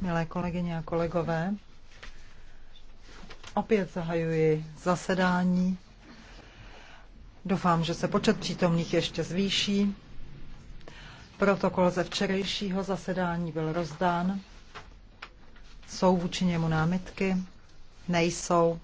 Milé kolegyně a kolegové, opět zahajuji zasedání. Doufám, že se počet přítomných ještě zvýší. Protokol ze včerejšího zasedání byl rozdán. Jsou vůči němu námitky? Nejsou.